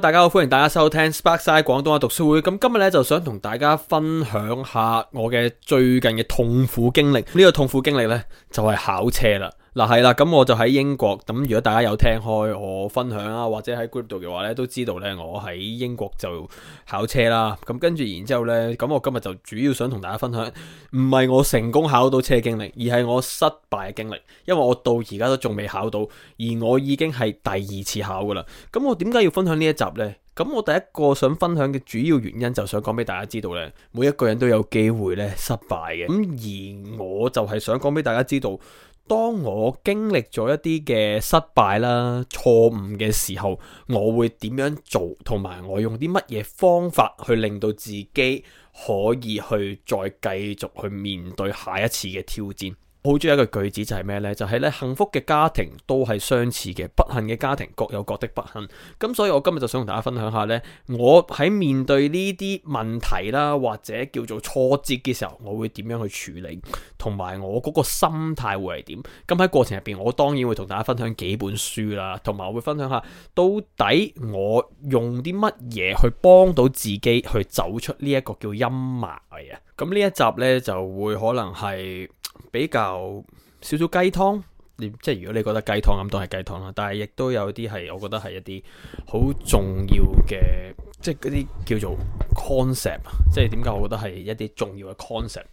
大家好，歡迎大家收聽 Sparksine 廣東話讀書會。咁今日咧，就想同大家分享下我嘅最近嘅痛苦經歷。呢個痛苦經歷咧，就係考車啦。嗱係啦，咁、啊、我就喺英國。咁如果大家有聽開我分享呀，或者喺 group 度嘅話咧，都知道咧我喺英國就考車啦。咁跟住，然之後咧，咁我今日就主要想同大家分享，唔係我成功考到車經歷，而係我失敗嘅經歷。因為我到而家都仲未考到，而我已經係第二次考噶啦。咁我點解要分享呢一集呢？咁我第一個想分享嘅主要原因，就想講俾大家知道咧，每一個人都有機會咧失敗嘅。咁而我就係想講俾大家知道。當我經歷咗一啲嘅失敗啦、錯誤嘅時候，我會點樣做？同埋我用啲乜嘢方法去令到自己可以去再繼續去面對下一次嘅挑戰？好中意一個句子就係咩呢？就係咧，幸福嘅家庭都係相似嘅，不幸嘅家庭各有各的不幸。咁所以我今日就想同大家分享下呢，我喺面對呢啲問題啦，或者叫做挫折嘅時候，我會點樣去處理，同埋我嗰個心態會係點。咁喺過程入邊，我當然會同大家分享幾本書啦，同埋我會分享下到底我用啲乜嘢去幫到自己去走出呢一個叫陰霾啊。咁呢一集呢，就會可能係。比較少少雞湯，即係如果你覺得雞湯咁，當係雞湯啦。但係亦都有啲係，我覺得係一啲好重要嘅，即係嗰啲叫做 concept 啊。即係點解我覺得係一啲重要嘅 concept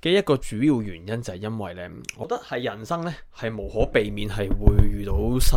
嘅一個主要原因，就係因為呢，我覺得係人生呢，係無可避免係會遇到失。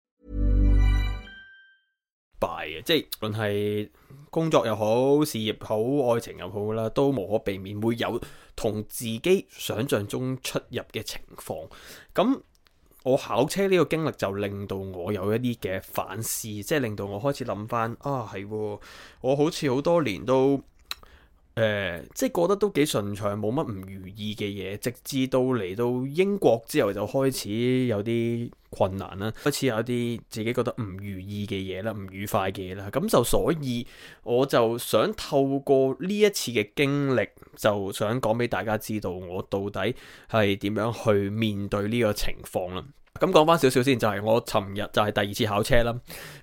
敗嘅，即係論係工作又好，事業好，愛情又好啦，都無可避免會有同自己想象中出入嘅情況。咁我考車呢個經歷就令到我有一啲嘅反思，即係令到我開始諗翻啊，係、喎、我好似好多年都。誒、呃，即係過得都幾順暢，冇乜唔如意嘅嘢，直至到嚟到英國之後就開始有啲困難啦，開始有啲自己覺得唔如意嘅嘢啦，唔愉快嘅嘢啦，咁就所以我就想透過呢一次嘅經歷，就想講俾大家知道我到底係點樣去面對呢個情況啦。咁講翻少少先，就係我尋日就係第二次考車啦。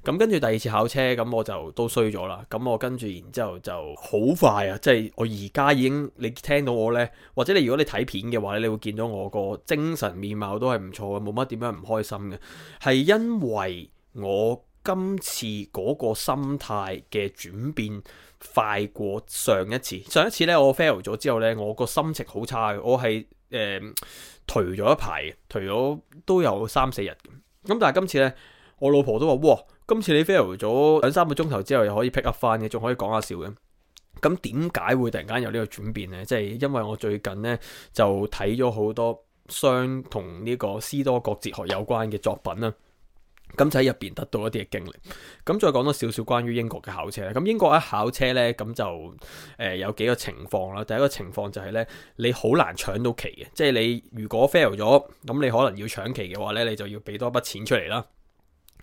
咁跟住第二次考車，咁我就都衰咗啦。咁我跟住然之後就好快啊！即係我而家已經，你聽到我呢，或者你如果你睇片嘅話咧，你會見到我個精神面貌都係唔錯嘅，冇乜點樣唔開心嘅。係因為我今次嗰個心態嘅轉變快過上一次。上一次呢，我 fail 咗之後呢，我個心情好差嘅。我係誒。呃頹咗一排，頹咗都有三四日咁。但係今次呢，我老婆都話，哇，今次你 fail 咗兩三個鐘頭之後又可以 pick up 翻嘅，仲可以講下笑嘅。咁點解會突然間有呢個轉變呢？即係因為我最近呢，就睇咗好多相同呢個斯多葛哲學有關嘅作品啦。咁就喺入邊得到一啲嘅經歷，咁再講多少少關於英國嘅考車咧。咁英國一考車呢，咁就誒、呃、有幾個情況啦。第一個情況就係呢：你好難搶到期嘅，即係你如果 fail 咗，咁你可能要搶期嘅話呢，你就要俾多一筆錢出嚟啦。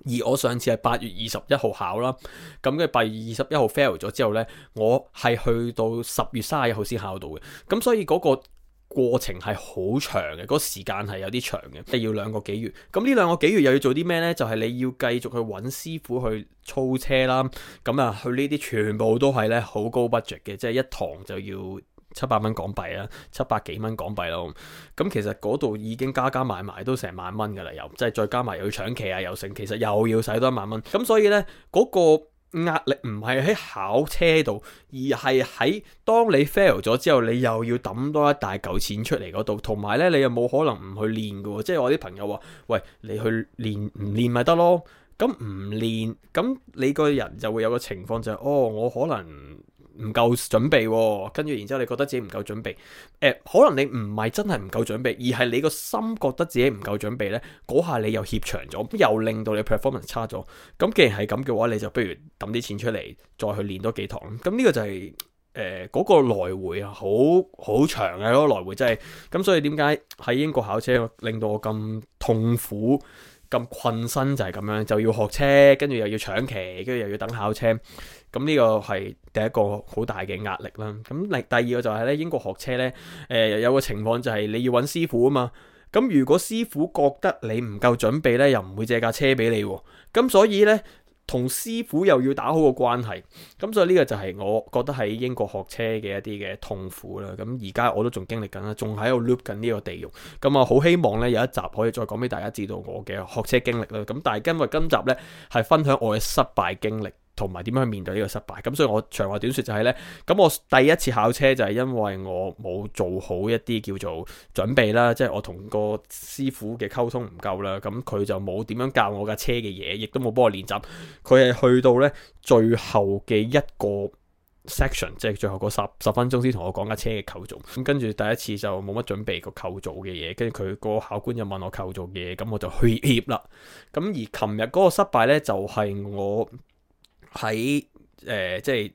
而我上次係八月二十一號考啦，咁嘅八月二十一號 fail 咗之後呢，我係去到十月三十一號先考到嘅，咁所以嗰、嗰個。過程係好長嘅，嗰、那個、時間係有啲長嘅，你要兩個幾月。咁呢兩個幾月又要做啲咩呢？就係、是、你要繼續去揾師傅去操車啦。咁啊，佢呢啲全部都係呢好高 budget 嘅，即、就、係、是、一堂就要七百蚊港幣啦，七百幾蚊港幣咯。咁其實嗰度已經加加埋埋都成萬蚊噶啦，又即係再加埋又要搶期啊，又成，其實又要使多一萬蚊。咁所以呢，嗰、那個。壓力唔係喺考車度，而係喺當你 fail 咗之後，你又要抌多一大嚿錢出嚟嗰度，同埋咧你又冇可能唔去練㗎喎。即係我啲朋友話：喂，你去練唔練咪得咯？咁唔練，咁你個人就會有個情況就係，哦，我可能。唔夠準備、哦，跟住然之後你覺得自己唔夠準備，誒、呃，可能你唔係真係唔夠準備，而係你個心覺得自己唔夠準備呢，嗰下你又怯場咗，又令到你 performance 差咗。咁既然係咁嘅話，你就不如抌啲錢出嚟，再去練多幾堂。咁、嗯、呢、這個就係誒嗰個來回啊，好好長嘅嗰、那個來回真，真係咁。所以點解喺英國考車令到我咁痛苦、咁困身就係咁樣，就要學車，跟住又要搶期，跟住又要等考車。咁呢個係第一個好大嘅壓力啦。咁第第二個就係咧，英國學車咧，誒、呃、有個情況就係你要揾師傅啊嘛。咁如果師傅覺得你唔夠準備咧，又唔會借架車俾你啊。咁所以呢，同師傅又要打好個關係。咁、嗯、所以呢個就係我覺得喺英國學車嘅一啲嘅痛苦啦。咁而家我都仲經歷緊啦，仲喺度 loop 緊呢個地獄。咁、嗯、啊，好希望咧有一集可以再講俾大家知道我嘅學車經歷啦。咁、嗯、但係今日今集呢係分享我嘅失敗經歷。同埋點樣去面對呢個失敗？咁所以我長話短説就係呢。咁我第一次考車就係因為我冇做好一啲叫做準備啦，即係我同個師傅嘅溝通唔夠啦，咁佢就冇點樣教我架車嘅嘢，亦都冇幫我練習。佢係去到呢最後嘅一個 section，即係最後嗰十十分鐘先同我講架車嘅構造。咁跟住第一次就冇乜準備個構造嘅嘢，跟住佢個考官就問我構造嘢，咁我就去怯啦。咁而琴日嗰個失敗呢，就係我。喺誒、呃，即係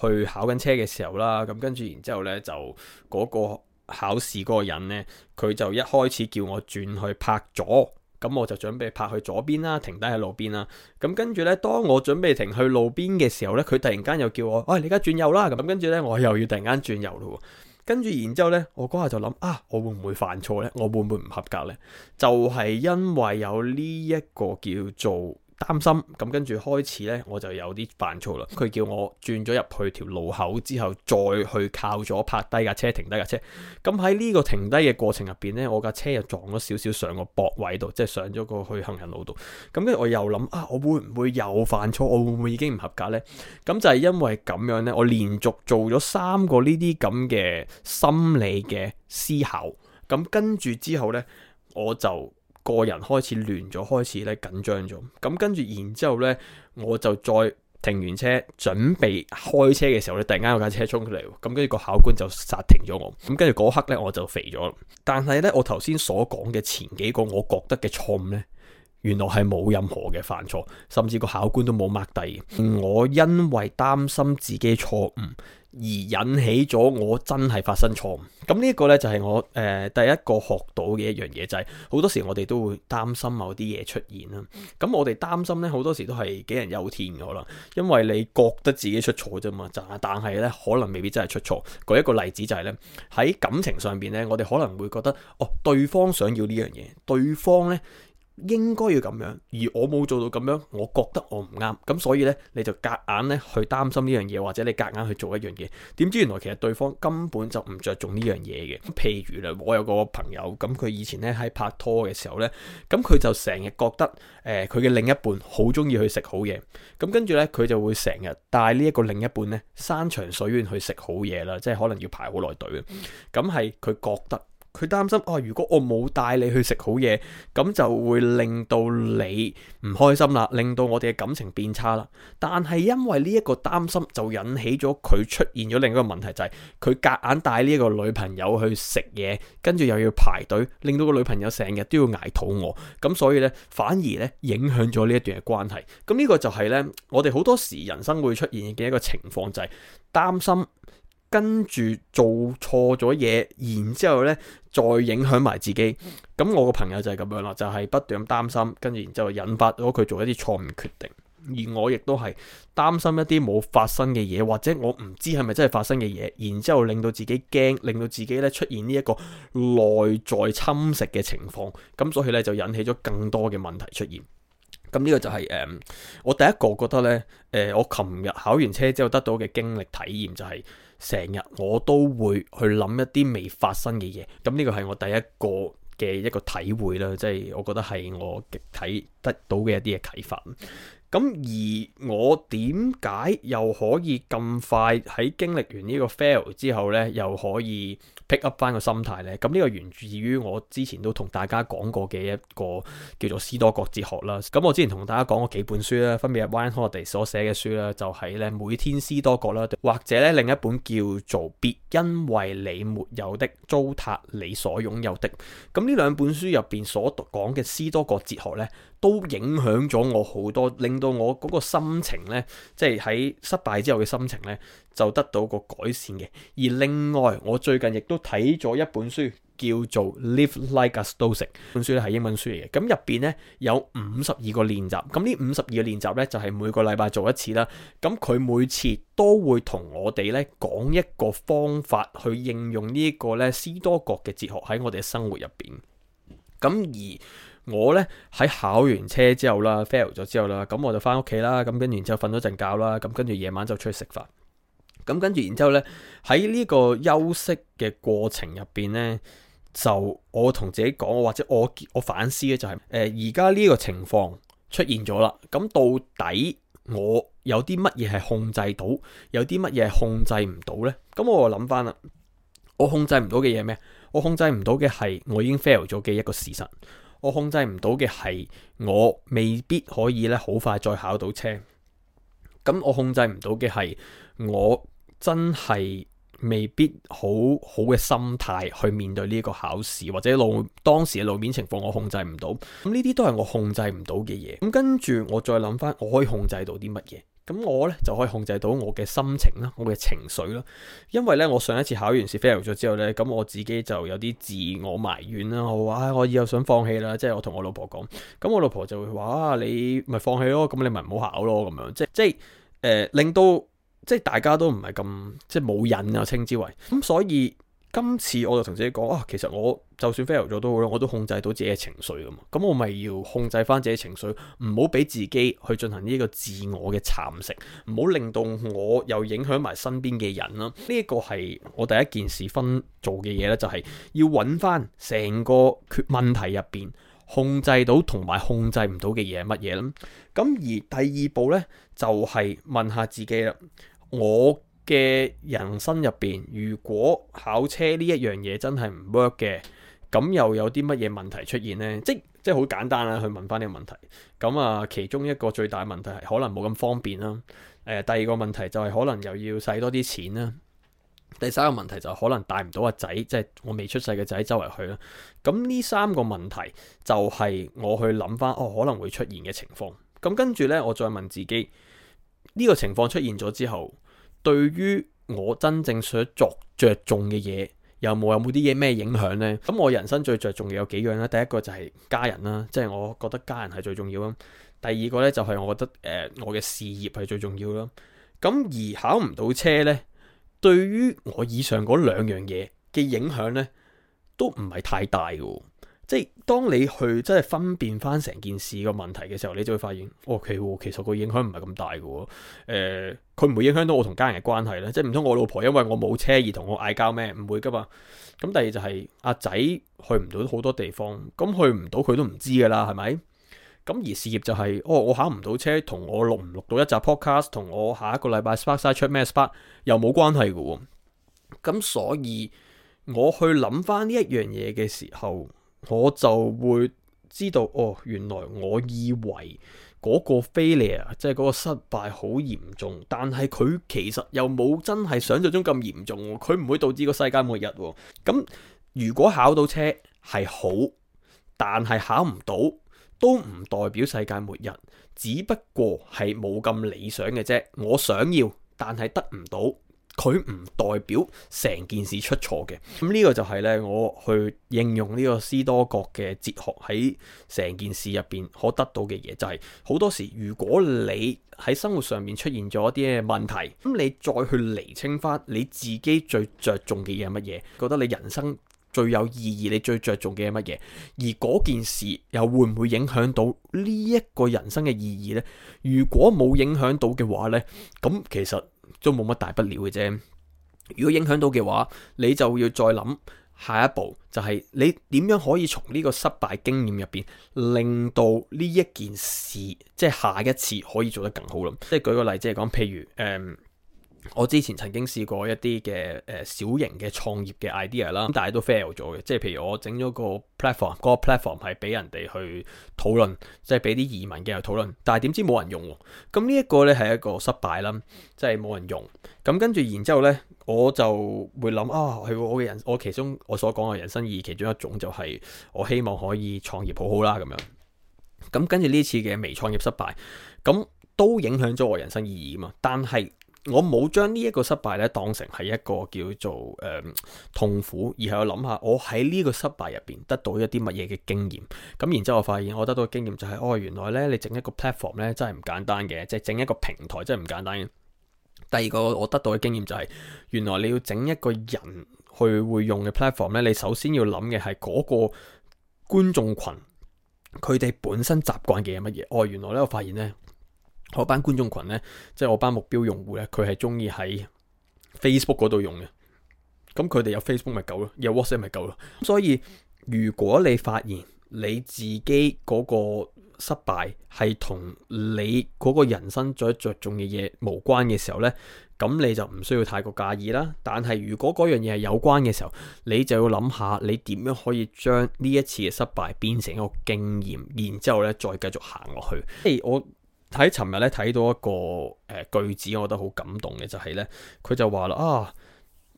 去考緊車嘅時候啦，咁跟住然之後呢，就嗰個考試嗰個人呢，佢就一開始叫我轉去拍左，咁我就準備拍去左邊啦，停低喺路邊啦。咁跟住呢，當我準備停去路邊嘅時候呢，佢突然間又叫我，啊、哎、你而家轉右啦，咁跟住呢，我又要突然間轉右咯。跟住然之後呢，我嗰下就諗啊，我會唔會犯錯呢？我會唔會唔合格呢？」就係、是、因為有呢一個叫做。擔心咁，跟住開始呢，我就有啲犯錯啦。佢叫我轉咗入去條路口之後，再去靠左泊低架車，停低架車。咁喺呢個停低嘅過程入邊呢，我架車又撞咗少少上個泊位度，即係上咗個去行人路度。咁跟住我又諗：「啊，我會唔會又犯錯？我會唔會已經唔合格呢？」咁就係因為咁樣呢，我連續做咗三個呢啲咁嘅心理嘅思考。咁跟住之後呢，我就。個人開始亂咗，開始咧緊張咗。咁跟住，然之後咧，我就再停完車，準備開車嘅時候咧，突然間有架車衝出嚟，咁跟住個考官就剎停咗我。咁跟住嗰刻呢，我就肥咗。但係呢，我頭先所講嘅前幾個我覺得嘅錯誤呢，原來係冇任何嘅犯錯，甚至個考官都冇 mark 低。我因為擔心自己錯誤。而引起咗我真係發生錯誤，咁呢一個呢就係我誒、呃、第一個學到嘅一樣嘢，就係、是、好多時我哋都會擔心某啲嘢出現啦。咁我哋擔心呢，好多時都係杞人憂天噶啦，因為你覺得自己出錯啫嘛，但係呢，可能未必真係出錯。舉一個例子就係、是、呢：喺感情上邊呢，我哋可能會覺得哦，對方想要呢樣嘢，對方呢。」應該要咁樣，而我冇做到咁樣，我覺得我唔啱，咁所以呢，你就夾硬咧去擔心呢樣嘢，或者你夾硬去做一樣嘢，點知原來其實對方根本就唔着重呢樣嘢嘅。譬如啦，我有個朋友，咁佢以前咧喺拍拖嘅時候呢，咁佢就成日覺得誒，佢、呃、嘅另一半好中意去食好嘢，咁跟住呢，佢就會成日帶呢一個另一半呢山長水遠去食好嘢啦，即係可能要排好耐隊，咁係佢覺得。佢擔心哦、啊，如果我冇帶你去食好嘢，咁就會令到你唔開心啦，令到我哋嘅感情變差啦。但係因為呢一個擔心，就引起咗佢出現咗另一個問題，就係佢夾硬帶呢一個女朋友去食嘢，跟住又要排隊，令到個女朋友成日都要捱肚餓。咁所以呢，反而呢影響咗呢一段嘅關係。咁呢個就係呢，我哋好多時人生會出現嘅一個情況，就係、是、擔心。跟住做錯咗嘢，然之後呢再影響埋自己。咁我個朋友就係咁樣啦，就係不斷咁擔心，跟住然之後引發咗佢做一啲錯誤決定。而我亦都係擔心一啲冇發生嘅嘢，或者我唔知係咪真係發生嘅嘢，然之後令到自己驚，令到自己呢出現呢一個內在侵蝕嘅情況。咁所以呢，就引起咗更多嘅問題出現。咁呢個就係誒，我第一個覺得呢，誒我琴日考完車之後得到嘅經歷體驗就係。成日我都會去諗一啲未發生嘅嘢，咁呢個係我第一個嘅一個體會啦，即係我覺得係我睇得到嘅一啲嘅啟發。咁而我點解又可以咁快喺經歷完呢個 fail 之後咧，又可以 pick up 翻個心態咧？咁、這、呢個源自於我之前都同大家講過嘅一個叫做斯多葛哲學啦。咁、嗯、我之前同大家講過幾本書啦，分別係 Ryan Holiday 所寫嘅書啦，就係、是、咧每天斯多葛啦，或者咧另一本叫做別因為你沒有的糟蹋你所擁有的。咁呢、嗯、兩本書入邊所講嘅斯多葛哲學咧，都影響咗我好多，令到到我嗰個心情呢，即係喺失敗之後嘅心情呢，就得到個改善嘅。而另外，我最近亦都睇咗一本書，叫做《Live Like a Stoic》。本書咧係英文書嚟嘅，咁入邊呢，有五十二個練習。咁呢五十二個練習呢，就係每個禮拜做一次啦。咁佢每次都會同我哋呢講一個方法去應用呢個呢斯多葛嘅哲學喺我哋嘅生活入邊。咁而我呢，喺考完車之後啦，fail 咗之後啦，咁我就翻屋企啦。咁跟住，然之後瞓咗陣覺啦。咁跟住夜晚就出去食飯。咁跟住，然之後呢，喺呢個休息嘅過程入邊呢，就我同自己講，或者我我反思嘅就係誒，而家呢個情況出現咗啦。咁到底我有啲乜嘢係控制到，有啲乜嘢係控制唔到呢？咁我諗翻啦，我控制唔到嘅嘢咩？我控制唔到嘅係我已經 fail 咗嘅一個事實。我控制唔到嘅係，我未必可以咧，好快再考到車。咁我控制唔到嘅係，我真係未必好好嘅心態去面對呢個考試，或者路當時嘅路面情況我控制唔到。咁呢啲都係我控制唔到嘅嘢。咁跟住我再諗翻，我可以控制到啲乜嘢？咁我咧就可以控制到我嘅心情啦，我嘅情緒啦，因為咧我上一次考完試 fail 咗之後咧，咁我自己就有啲自我埋怨啦，我話我以後想放棄啦，即係我同我老婆講，咁我老婆就會話啊，你咪放棄咯，咁你咪唔好考咯，咁樣即係即係誒、呃，令到即係大家都唔係咁即係冇癮啊，稱之為咁，所以。今次我就同自己講啊，其實我就算 fail 咗都好啦，我都控制到自己嘅情緒㗎嘛。咁我咪要控制翻自己情緒，唔好俾自己去進行呢個自我嘅蠶食，唔好令到我又影響埋身邊嘅人啦、啊。呢、這、一個係我第一件事分做嘅嘢咧，就係、是、要揾翻成個問題入邊控制到同埋控制唔到嘅嘢係乜嘢啦。咁而第二步咧就係、是、問下自己啦，我。嘅人生入邊，如果考車呢一樣嘢真係唔 work 嘅，咁又有啲乜嘢問題出現呢？即即係好簡單啦，去問翻呢個問題。咁啊，其中一個最大問題係可能冇咁方便啦，呃，第二個問題就係、是、可能又要使多啲錢啦。第三個問題就係、是、可能帶唔到個仔，即係我未出世嘅仔周圍去啦。咁呢三個問題就係我去諗翻哦，可能會出現嘅情況。咁跟住呢，我再問自己呢、這個情況出現咗之後。對於我真正想著著重嘅嘢，有冇有冇啲嘢咩影響呢？咁我人生最着重嘅有幾樣咧、啊？第一個就係家人啦、啊，即係我覺得家人係最重要囉。第二個呢，就係我覺得誒、呃、我嘅事業係最重要囉。咁而考唔到車呢，對於我以上嗰兩樣嘢嘅影響呢，都唔係太大嘅。即係當你去真係分辨翻成件事個問題嘅時候，你就會發現，哦，其實其實個影響唔係咁大嘅。誒，佢唔會影響到我同家人嘅關係咧。即係唔通我老婆因為我冇車而同我嗌交咩？唔會噶嘛。咁第二就係阿仔去唔到好多地方，咁去唔到佢都唔知噶啦，係咪？咁而事業就係哦，我考唔到車，同我錄唔錄到一集 podcast，同我下一個禮拜 Sparksine 出咩 spark 又冇關係嘅。咁所以我去諗翻呢一樣嘢嘅時候。我就會知道哦，原來我以為嗰個 failure 即係嗰個失敗好嚴重，但係佢其實又冇真係想象中咁嚴重，佢唔會導致個世界末日。咁，嗯，如果考到車係好，但係考唔到都唔代表世界末日，只不過係冇咁理想嘅啫。我想要，但係得唔到。佢唔代表成件事出錯嘅，咁呢個就係呢，我去應用呢個斯多葛嘅哲學喺成件事入邊可得到嘅嘢，就係好多時如果你喺生活上面出現咗一啲問題，咁你再去釐清翻你自己最着重嘅嘢係乜嘢，覺得你人生最有意義、你最着重嘅係乜嘢，而嗰件事又會唔會影響到呢一個人生嘅意義呢？如果冇影響到嘅話呢，咁其實。都冇乜大不了嘅啫。如果影響到嘅話，你就要再諗下一步，就係你點樣可以從呢個失敗經驗入邊，令到呢一件事即係下一次可以做得更好咯。即係舉個例子嚟講，譬如誒，嗯我之前曾經試過一啲嘅誒小型嘅創業嘅 idea 啦，但係都 fail 咗嘅。即係譬如我整咗個 platform，嗰個 platform 係俾人哋去討論，即係俾啲移民嘅去討論，但係點知冇人用。咁呢一個咧係一個失敗啦，即係冇人用。咁跟住然之後咧，我就會諗啊，係、哦、我嘅人，我其中我所講嘅人生意義其中一種就係我希望可以創業好好啦咁樣。咁跟住呢次嘅微創業失敗，咁都影響咗我人生意義啊嘛。但係我冇將呢一個失敗咧當成係一個叫做誒、呃、痛苦，而係我諗下我喺呢個失敗入邊得到一啲乜嘢嘅經驗。咁然之後我發現我得到嘅經驗就係、是，哦，原來咧你整一個 platform 咧真係唔簡單嘅，即係整一個平台真係唔簡單嘅。第二個我得到嘅經驗就係、是，原來你要整一個人去會用嘅 platform 咧，你首先要諗嘅係嗰個觀眾群，佢哋本身習慣嘅係乜嘢？哦，原來咧我發現咧。我班觀眾群呢，即係我班目標用戶呢，佢係中意喺 Facebook 嗰度用嘅。咁佢哋有 Facebook 咪夠咯，有 WhatsApp 咪夠咯。所以如果你發現你自己嗰個失敗係同你嗰個人生最着重嘅嘢無關嘅時候呢，咁你就唔需要太過介意啦。但係如果嗰樣嘢係有關嘅時候，你就要諗下你點樣可以將呢一次嘅失敗變成一個經驗，然之後呢再繼續行落去。即係我。睇尋日咧，睇到一個誒、呃、句子，我覺得好感動嘅就係、是、呢佢就話啦啊，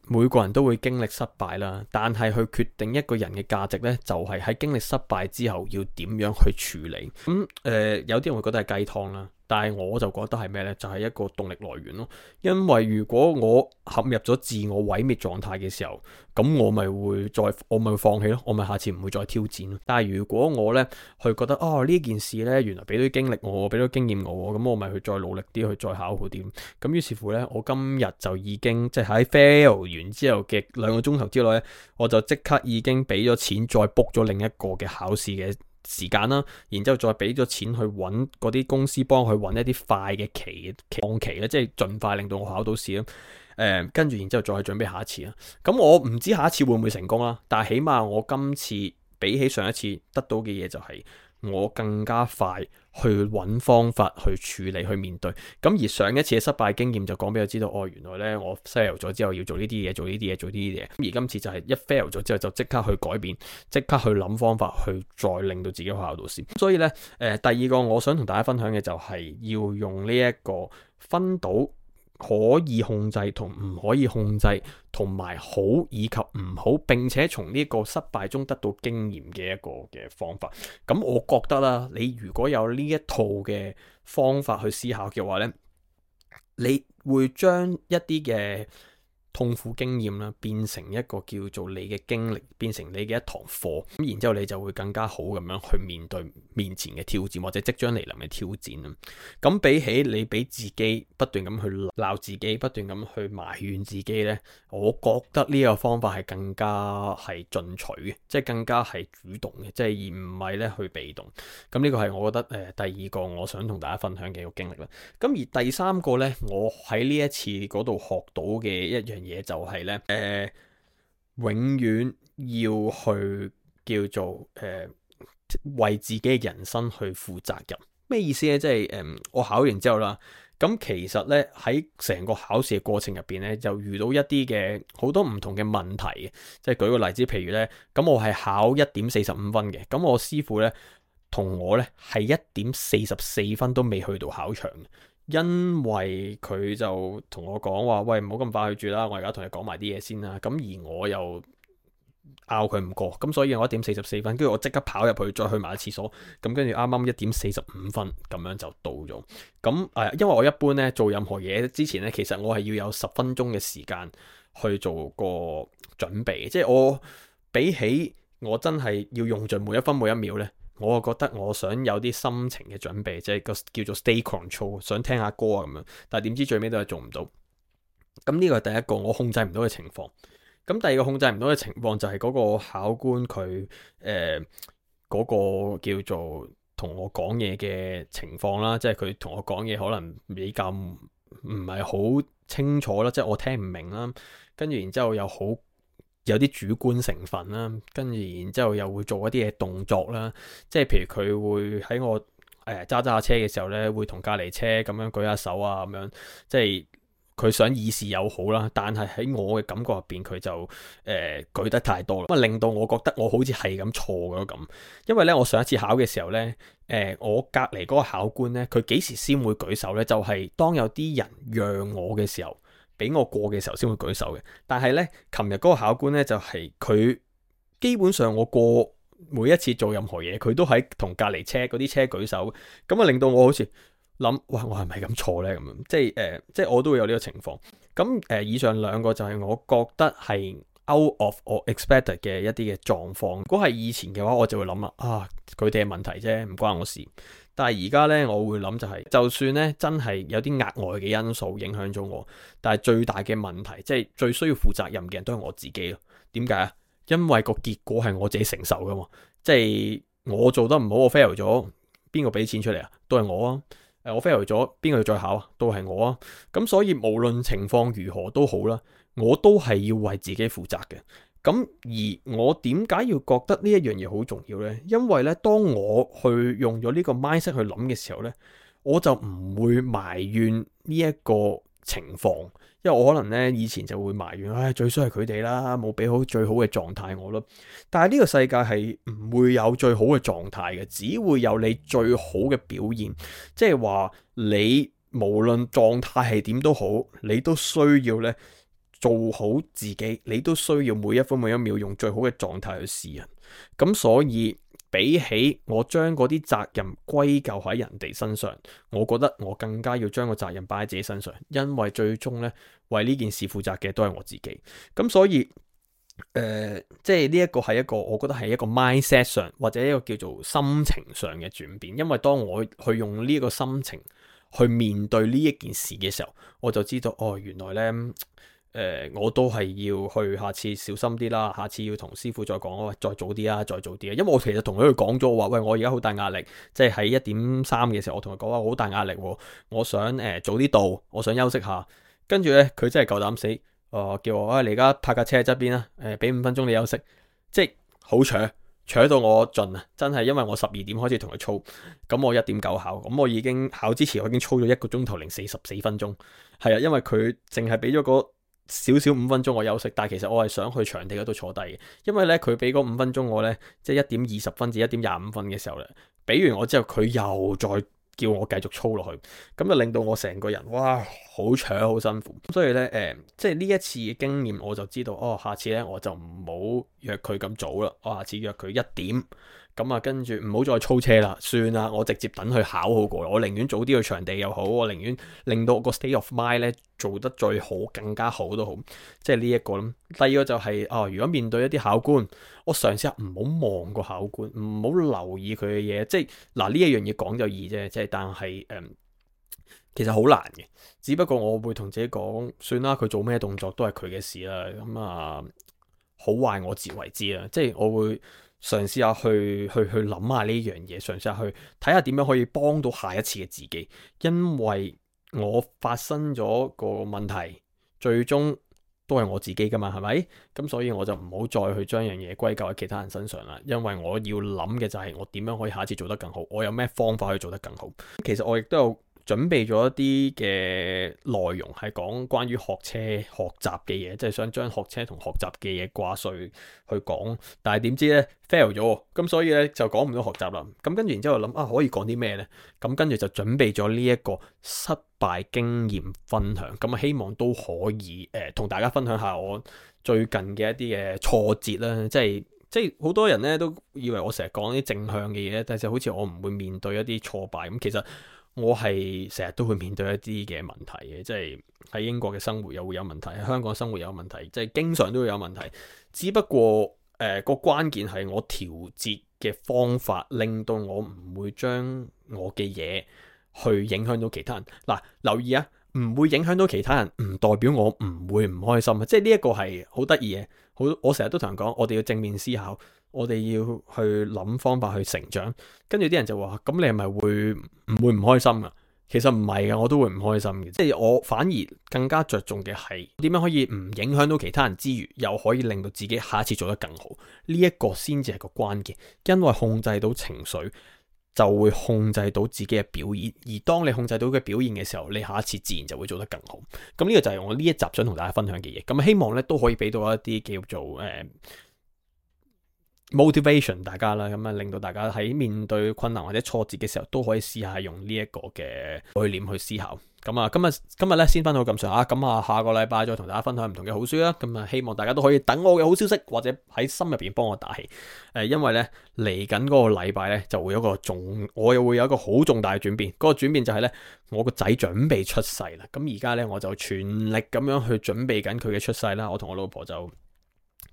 每個人都會經歷失敗啦，但係去決定一個人嘅價值呢，就係、是、喺經歷失敗之後要點樣去處理。咁、嗯、誒、呃，有啲人會覺得係雞湯啦。但係我就覺得係咩呢？就係、是、一個動力來源咯。因為如果我陷入咗自我毀滅狀態嘅時候，咁我咪會再我咪放棄咯，我咪下次唔會再挑戰咯。但係如果我呢，去覺得啊呢、哦、件事呢，原來俾咗啲經歷我，俾咗經驗我，咁我咪去再努力啲去再考好點。咁於是乎呢，我今日就已經即係喺 fail 完之後嘅兩個鐘頭之內呢，我就即刻已經俾咗錢再 book 咗另一個嘅考試嘅。時間啦，然之後再俾咗錢去揾嗰啲公司幫佢揾一啲快嘅期期望期咧，即係盡快令到我考到試啦。誒，跟住然之後再去準備下一次啦。咁我唔知下一次會唔會成功啦，但係起碼我今次比起上一次得到嘅嘢就係我更加快。去揾方法去處理去面對，咁而上一次嘅失敗經驗就講俾我知道，哦，原來呢，我 fail 咗之後要做呢啲嘢，做呢啲嘢，做呢啲嘢。而今次就係一 fail 咗之後就即刻去改變，即刻去諗方法去再令到自己喺學校度先。所以呢，誒、呃、第二個我想同大家分享嘅就係要用呢一個分到。可以控制同唔可以控制，同埋好以及唔好，並且從呢個失敗中得到經驗嘅一個嘅方法。咁，嗯，我覺得啦，你如果有呢一套嘅方法去思考嘅話呢，你會將一啲嘅。痛苦經驗啦，變成一個叫做你嘅經歷，變成你嘅一堂課，咁然之後你就會更加好咁樣去面對面前嘅挑戰，或者即將嚟臨嘅挑戰啦。咁比起你俾自己不斷咁去鬧自己，不斷咁去埋怨自己呢，我覺得呢個方法係更加係進取嘅，即係更加係主動嘅，即係而唔係咧去被動。咁呢個係我覺得誒、呃、第二個我想同大家分享嘅一個經歷啦。咁而第三個呢，我喺呢一次嗰度學到嘅一樣。嘢就係、是、咧，誒、呃，永遠要去叫做誒、呃，為自己嘅人生去負責任。咩意思咧？即係誒，我考完之後啦，咁其實咧喺成個考試嘅過程入邊咧，就遇到一啲嘅好多唔同嘅問題。即係舉個例子，譬如咧，咁我係考一點四十五分嘅，咁我師傅咧同我咧係一點四十四分都未去到考場。因為佢就同我講話，喂，唔好咁快去住啦，我而家同你講埋啲嘢先啦。咁而我又拗佢唔過，咁所以我一點四十四分，跟住我即刻跑入去再去埋啲廁所。咁跟住啱啱一點四十五分，咁樣就到咗。咁誒，因為我一般咧做任何嘢之前咧，其實我係要有十分鐘嘅時間去做個準備，即係我比起我真係要用盡每一分每一秒咧。我又覺得我想有啲心情嘅準備，即係個叫做 stay control，想聽下歌啊咁樣，但係點知最尾都係做唔到。咁呢個係第一個我控制唔到嘅情況。咁第二個控制唔到嘅情況就係嗰個考官佢誒嗰個叫做同我講嘢嘅情況啦，即係佢同我講嘢可能比較唔係好清楚啦，即係我聽唔明啦，跟住然之後又好。有啲主觀成分啦，跟住然之後又會做一啲嘢動作啦，即係譬如佢會喺我誒揸揸車嘅時候咧，會同隔離車咁樣舉下手啊，咁樣即係佢想以示友好啦。但係喺我嘅感覺入邊，佢就誒舉得太多啦，咁令到我覺得我好似係咁錯咗咁。因為咧，我上一次考嘅時候咧，誒、呃、我隔離嗰個考官咧，佢幾時先會舉手咧？就係、是、當有啲人讓我嘅時候。俾我過嘅時候先會舉手嘅，但係呢，琴日嗰個考官呢，就係佢，基本上我過每一次做任何嘢，佢都喺同隔籬車嗰啲車舉手，咁啊令到我好似諗，哇，我係咪咁錯呢？咁即係誒，即係、呃、我都會有呢個情況。咁誒、呃，以上兩個就係我覺得係 out of o expected 嘅一啲嘅狀況。如果係以前嘅話，我就會諗啦，啊，佢哋嘅問題啫，唔關我事。但係而家咧，我會諗就係，就算咧真係有啲額外嘅因素影響咗我，但係最大嘅問題，即係最需要負責任嘅人都係我自己咯。點解啊？因為個結果係我自己承受噶嘛。即係我做得唔好，我 fail 咗，邊個俾錢出嚟啊？都係我啊。誒，我 fail 咗，邊個要再考啊？都係我啊。咁所以無論情況如何都好啦，我都係要為自己負責嘅。咁而我點解要覺得呢一樣嘢好重要呢？因為呢，當我去用咗呢個 mindset 去諗嘅時候呢，我就唔會埋怨呢一個情況，因為我可能呢以前就會埋怨，唉、哎，最衰係佢哋啦，冇俾好最好嘅狀態我咯。但係呢個世界係唔會有最好嘅狀態嘅，只會有你最好嘅表現。即係話你無論狀態係點都好，你都需要呢。做好自己，你都需要每一分每一秒用最好嘅狀態去示人。咁所以比起我將嗰啲責任歸咎喺人哋身上，我覺得我更加要將個責任擺喺自己身上，因為最終呢，為呢件事負責嘅都係我自己。咁所以誒、呃，即係呢一個係一個，我覺得係一個 mindset 上或者一個叫做心情上嘅轉變。因為當我去用呢個心情去面對呢一件事嘅時候，我就知道哦，原來呢。誒、呃，我都係要去，下次小心啲啦。下次要同師傅再講，喂、哎，再早啲啊，再早啲啊。因為我其實同佢講咗話，喂，我而家好大壓力，即係喺一點三嘅時候，我同佢講話好大壓力、哦，我想誒、呃、早啲到，我想休息下。跟住咧，佢真係夠膽死，誒、呃，叫我喂、哎，你而家泊架車喺側邊啦，誒、呃，俾五分鐘你休息，即係好扯，扯到我盡啊！真係因為我十二點開始同佢操，咁我一點九考，咁我已經考之前我已經操咗一個鐘頭零四十四分鐘，係啊，因為佢淨係俾咗個。少少五分鐘我休息，但係其實我係想去場地嗰度坐低嘅，因為咧佢俾嗰五分鐘我咧，即係一點二十分至一點廿五分嘅時候咧，俾完我之後佢又再叫我繼續操落去，咁就令到我成個人哇好搶好辛苦，咁所以咧誒、呃，即係呢一次嘅經驗我就知道，哦，下次咧我就唔好約佢咁早啦，我下次約佢一點。咁啊，跟住唔好再操車啦，算啦，我直接等佢考好過。我寧願早啲去場地又好，我寧願令到我個 state of mind 咧做得最好更加好都好，即係呢一個咯。第二個就係、是、啊，如果面對一啲考官，我嘗試下唔好望個考官，唔好留意佢嘅嘢。即係嗱呢一樣嘢講就易啫，即係但係誒、嗯，其實好難嘅。只不過我會同自己講，算啦，佢做咩動作都係佢嘅事啦。咁啊，好壞我自為之啊。即係我會。嘗試下去，去去諗下呢樣嘢，嘗試下去睇下點樣可以幫到下一次嘅自己，因為我發生咗個問題，最終都係我自己㗎嘛，係咪？咁所以我就唔好再去將樣嘢歸咎喺其他人身上啦，因為我要諗嘅就係我點樣可以下一次做得更好，我有咩方法去做得更好。其實我亦都有。準備咗一啲嘅內容，係講關於學車學習嘅嘢，即係想將學車同學習嘅嘢掛帥去講，但係點知咧 fail 咗，咁所以咧就講唔到學習啦。咁跟住然之後諗啊，可以講啲咩咧？咁跟住就準備咗呢一個失敗經驗分享，咁啊希望都可以誒、呃、同大家分享下我最近嘅一啲嘅挫折啦，即係即係好多人咧都以為我成日講啲正向嘅嘢，但係就好似我唔會面對一啲挫敗咁，其實。我係成日都會面對一啲嘅問題嘅，即係喺英國嘅生活又會有問題，喺香港生活又有問題，即係經常都會有問題。只不過誒、呃，嗰個關鍵係我調節嘅方法，令到我唔會將我嘅嘢去影響到其他人。嗱、啊，留意啊，唔會影響到其他人，唔代表我唔會唔開心啊！即係呢一個係好得意嘅。好，我成日都同人講，我哋要正面思考。我哋要去諗方法去成長，跟住啲人就話，咁你係咪會唔會唔開心啊？其實唔係嘅，我都會唔開心嘅。即係我反而更加着重嘅係點樣可以唔影響到其他人之餘，又可以令到自己下一次做得更好。呢、這個、一個先至係個關鍵，因為控制到情緒就會控制到自己嘅表現。而當你控制到嘅表現嘅時候，你下一次自然就會做得更好。咁、嗯、呢、這個就係我呢一集想同大家分享嘅嘢。咁、嗯、希望咧都可以俾到一啲叫做誒。呃 Motivation 大家啦，咁啊令到大家喺面對困難或者挫折嘅時候，都可以試下用呢一個嘅概念去思考。咁啊，今日今日咧，先分享到咁上下。咁啊，下個禮拜再同大家分享唔同嘅好書啦。咁啊，希望大家都可以等我嘅好消息，或者喺心入邊幫我打氣。誒、呃，因為咧嚟緊嗰個禮拜咧就會有一個重，我又會有一個好重大嘅轉變。嗰、那個轉變就係咧，我個仔準備出世啦。咁而家咧我就全力咁樣去準備緊佢嘅出世啦。我同我老婆就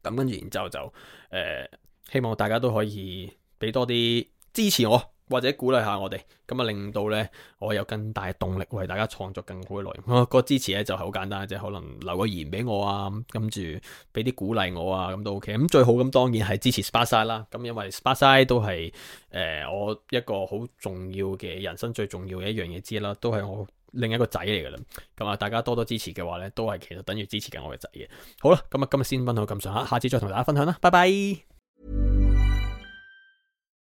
咁跟住，然之後就誒。呃希望大家都可以俾多啲支持我，或者鼓勵下我哋，咁啊，令到咧我有更大嘅動力為大家創作更多嘅內容。個支持咧就係好簡單，即係可能留個言俾我啊，跟住俾啲鼓勵我啊，咁都 OK。咁最好咁，當然係支持 Sparksine 啦。咁因為 Sparksine 都係誒、呃、我一個好重要嘅人生最重要嘅一樣嘢之一啦，都係我另一個仔嚟噶啦。咁啊，大家多多支持嘅話咧，都係其實等於支持緊我嘅仔嘅。好啦，咁啊，今日先分享到咁上下，下次再同大家分享啦，拜拜。